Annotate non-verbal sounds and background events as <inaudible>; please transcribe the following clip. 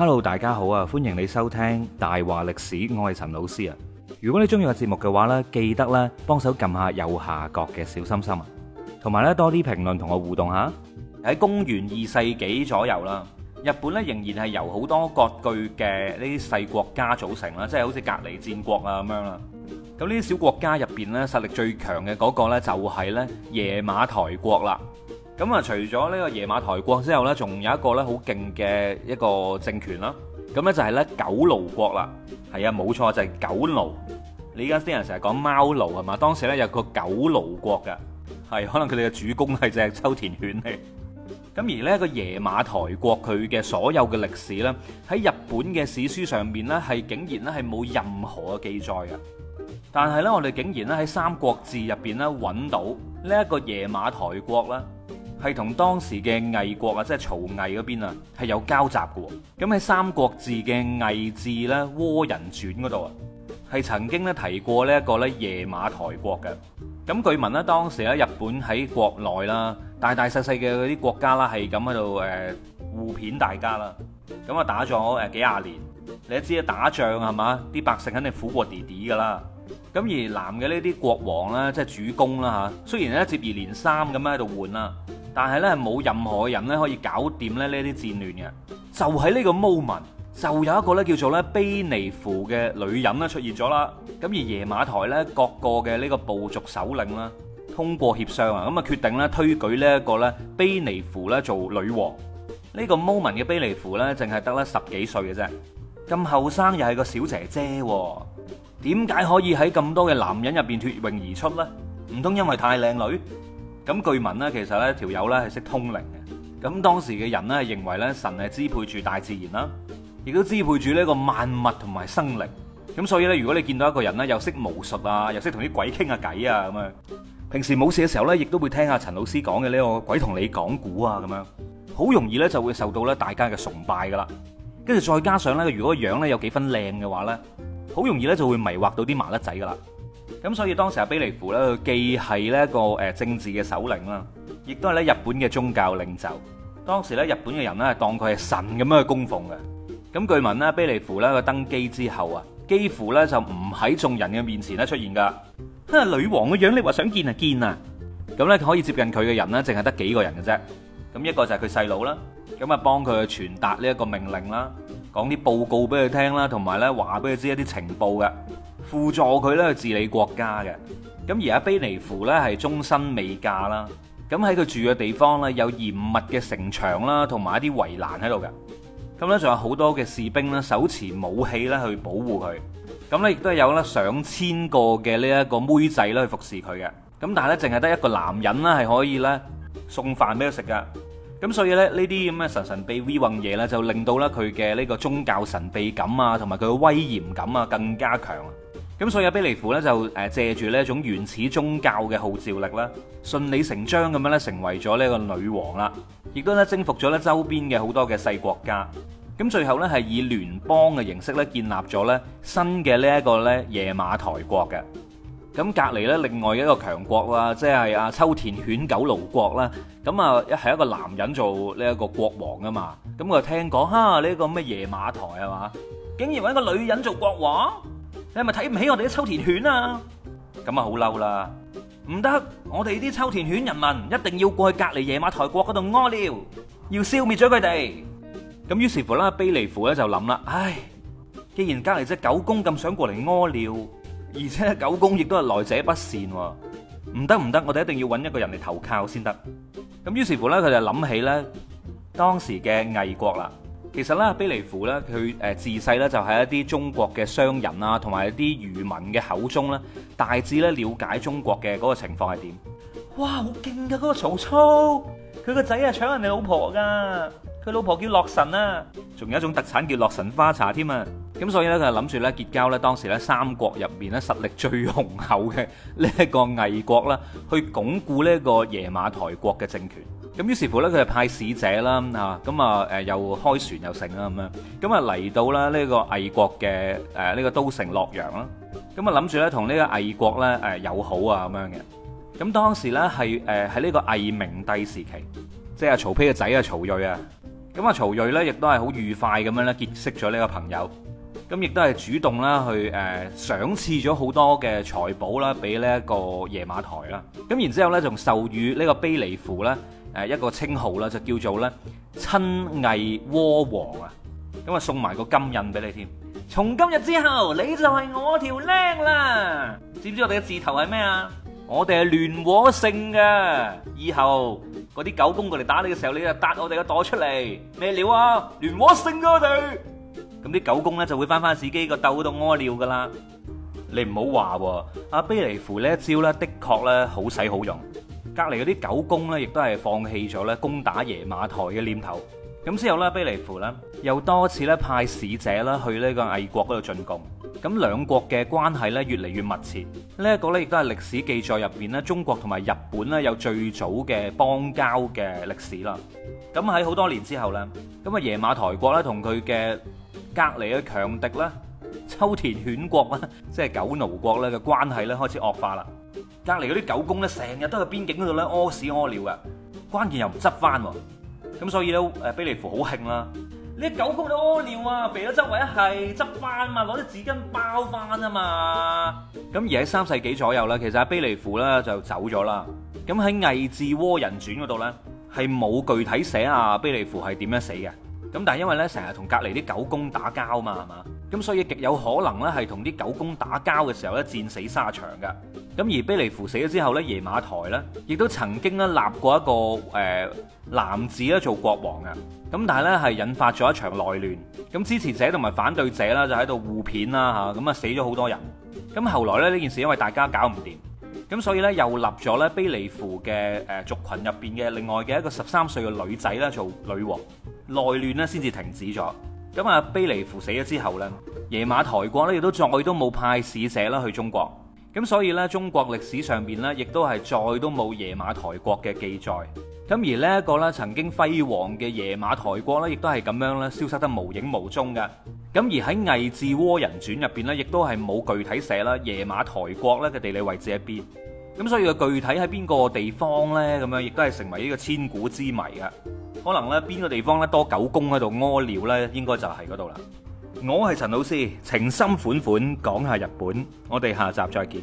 Hello，大家好啊！歡迎你收聽大話歷史，我係陳老師啊。如果你中意個節目嘅話呢，記得咧幫手撳下右下角嘅小心心啊，同埋呢多啲評論同我互動下。喺公元二世紀左右啦，日本呢仍然係由好多割據嘅呢啲細國家組成啦，即係好似隔籬戰國啊咁樣啦。咁呢啲小國家入邊呢，實力最強嘅嗰個呢，就係呢邪馬台國啦。咁啊，除咗呢個野馬台國之後呢，仲有一個呢好勁嘅一個政權啦。咁呢就係呢狗奴國啦。係啊，冇錯，就係、是、狗奴。你而家啲人成日講貓奴係嘛？當時呢有個狗奴國嘅，係可能佢哋嘅主公係隻秋田犬嚟咁 <laughs> 而呢個野馬台國佢嘅所有嘅歷史呢，喺日本嘅史書上面呢，係竟然呢係冇任何嘅記載嘅。但係呢，我哋竟然呢喺《三國志》入邊呢，揾到呢一個野馬台國咧。係同當時嘅魏國啊，即係曹魏嗰邊啊，係有交集嘅。咁喺《三國志》嘅魏志、咧《倭人傳》嗰度啊，係曾經咧提過呢一個咧夜馬台國嘅。咁據聞咧，當時咧日本喺國內啦，大大細細嘅嗰啲國家啦，係咁喺度誒互騙大家啦。咁啊，打仗好誒幾廿年，你都知啦，打仗係嘛，啲百姓肯定是苦過弟弟㗎啦。咁而南嘅呢啲國王咧，即係主公啦嚇，雖然咧接二連三咁喺度換啦。但係咧，冇任何人咧可以搞掂咧呢啲戰亂嘅。就喺呢個 moment，就有一個咧叫做咧卑彌呼嘅女人咧出現咗啦。咁而邪馬台咧各個嘅呢個部族首領啦，通過協商啊，咁啊決定咧推舉呢一個咧卑彌呼咧做女王。呢個 moment 嘅卑彌呼咧，淨係得咧十幾歲嘅啫，咁後生又係個小姐姐喎，點解可以喺咁多嘅男人入邊脫穎而出咧？唔通因為太靚女？咁據聞咧，其實咧條友咧係識通靈嘅。咁當時嘅人咧係認為咧神係支配住大自然啦，亦都支配住呢個萬物同埋生靈。咁所以咧，如果你見到一個人咧又識巫術啊，又識同啲鬼傾下偈啊咁樣，平時冇事嘅時候咧，亦都會聽下陳老師講嘅呢個鬼同你講古啊咁樣，好容易咧就會受到咧大家嘅崇拜噶啦。跟住再加上咧，如果樣咧有幾分靚嘅話咧，好容易咧就會迷惑到啲麻甩仔噶啦。咁所以當時阿卑彌呼咧，佢既係呢一個誒政治嘅首領啦，亦都係咧日本嘅宗教領袖。當時咧，日本嘅人咧當佢係神咁樣去供奉嘅。咁據聞卑彌呼咧佢登基之後啊，幾乎咧就唔喺眾人嘅面前咧出現噶。係女王嘅樣你話想見啊見啊！咁咧可以接近佢嘅人咧，淨係得幾個人嘅啫。咁一個就係佢細佬啦，咁啊幫佢去傳達呢一個命令啦，講啲報告俾佢聽啦，同埋咧話俾佢知一啲情報嘅。輔助佢咧去治理國家嘅，咁而家卑彌呼咧係終身未嫁啦，咁喺佢住嘅地方咧有嚴密嘅城牆啦，同埋一啲圍欄喺度嘅，咁咧仲有好多嘅士兵咧手持武器咧去保護佢，咁咧亦都有咧上千個嘅呢一個妹仔咧去服侍佢嘅，咁但係咧淨係得一個男人呢，係可以咧送飯俾佢食㗎。咁所以咧呢啲咁嘅神神秘秘嘅嘢咧就令到咧佢嘅呢個宗教神秘感啊同埋佢嘅威嚴感啊更加強。咁所以阿卑彌呼咧就誒借住呢一種原始宗教嘅號召力啦，順理成章咁樣咧成為咗呢一個女王啦，亦都咧征服咗咧周邊嘅好多嘅細國家。咁最後咧係以聯邦嘅形式咧建立咗咧新嘅呢一個咧野馬台國嘅。咁隔離咧另外一個強國啦，即係阿秋田犬狗奴國啦。咁啊，係一個男人做呢一個國王啊嘛。咁我就聽講嚇呢個個咩野馬台係啊嘛，竟然搵一個女人做國王。你係咪睇唔起我哋啲秋田犬啊？咁啊好嬲啦！唔得，我哋啲秋田犬人民一定要過去隔籬野馬台國嗰度屙尿，要消滅咗佢哋。咁於是乎呢，卑彌呼呢就諗啦，唉，既然隔籬隻狗公咁想過嚟屙尿，而且狗公亦都係來者不善，唔得唔得，我哋一定要搵一個人嚟投靠先得。咁於是乎呢，佢就諗起呢當時嘅魏國啦。其實咧，卑彌呼咧，佢誒自細咧就喺一啲中國嘅商人啊，同埋一啲漁民嘅口中咧，大致咧了解中國嘅嗰個情況係點。哇，好勁啊！嗰個曹操，佢個仔啊搶人哋老婆㗎，佢老婆叫洛神啊，仲有一種特產叫洛神花茶添啊。咁所以咧，佢就諗住咧結交咧當時咧三國入面咧實力最雄厚嘅呢一個魏國啦，去鞏固呢一個邪馬台國嘅政權。咁於是乎咧，佢就派使者啦，咁啊，又開船又成啦咁樣，咁啊嚟到啦呢個魏國嘅呢個都城洛陽啦，咁啊諗住咧同呢個魏國咧誒友好啊咁樣嘅，咁當時咧係喺呢個魏明帝時期，即係曹丕嘅仔啊曹睿啊，咁啊曹睿咧亦都係好愉快咁樣咧結識咗呢個朋友，咁亦都係主動啦，去誒賞賜咗好多嘅財寶啦，俾呢一個夜馬台啦，咁然之後咧仲授予呢個卑彌呼啦。誒一個稱號啦，就叫做咧親魏倭王啊！咁啊送埋個金印俾你添。從今日之後，你就係我條靚啦。知唔知我哋嘅字頭係咩啊？我哋係聯和勝嘅。以後嗰啲狗公過嚟打你嘅時候，你就搭我哋嘅朵出嚟。咩料啊？聯和勝啊！我哋咁啲狗公咧就會翻返自己個竇度屙尿噶啦。你唔好話喎，阿卑彌呼呢一招咧，的確咧好使好用。隔離嗰啲狗公咧，亦都係放棄咗咧攻打耶馬台嘅念頭。咁之後咧，卑彌呼咧又多次咧派使者啦去呢個魏國嗰度進貢。咁兩國嘅關係咧越嚟越密切。呢一個咧亦都係歷史記載入面咧，中國同埋日本咧有最早嘅邦交嘅歷史啦。咁喺好多年之後咧，咁啊耶馬台國咧同佢嘅隔離嘅強敵啦，秋田犬國啦，即係狗奴國咧嘅關係咧開始惡化啦。隔離嗰啲狗公咧，成日都喺邊境嗰度咧屙屎屙尿㗎，關鍵又唔執翻喎，咁所以咧誒，卑彌呼好慶啦！你狗公都屙尿啊，肥咗周圍一係執翻啊嘛，攞啲紙巾包翻啊嘛。咁而喺三世紀左右呢，其實阿卑彌呼咧就走咗啦。咁喺《魏志倭人傳》呢嗰度咧，係冇具體寫啊。卑彌呼係點樣死嘅。咁但係因為呢，成日同隔離啲狗公打交嘛，係嘛。咁所以極有可能呢，係同啲狗公打交嘅時候呢，戰死沙場噶。咁而卑利夫死咗之後呢，耶馬台呢，亦都曾經呢立過一個誒、呃、男子呢，做國王啊。咁但係呢係引發咗一場內亂，咁支持者同埋反對者啦就喺度互片啦吓。咁啊，死咗好多人。咁後來呢呢件事因為大家搞唔掂。咁所以呢，又立咗呢卑彌呼嘅誒族群入邊嘅另外嘅一個十三歲嘅女仔呢，做女王，內亂呢先至停止咗。咁啊，卑彌呼死咗之後呢，邪馬台國呢亦都再都冇派使者啦去中國。咁所以呢，中國歷史上邊呢，亦都係再都冇邪馬台國嘅記載。咁而呢一個呢曾經輝煌嘅邪馬台國呢亦都係咁樣消失得無影無蹤嘅。咁而喺《魏志倭人傳》入面，呢亦都係冇具體寫啦。邪馬台國呢嘅地理位置喺邊？咁所以佢具體喺邊個地方呢？咁樣亦都係成為呢個千古之謎㗎。可能呢邊個地方呢多狗公喺度屙尿呢？應該就係嗰度啦。我係陳老師，情深款款講下日本，我哋下集再見。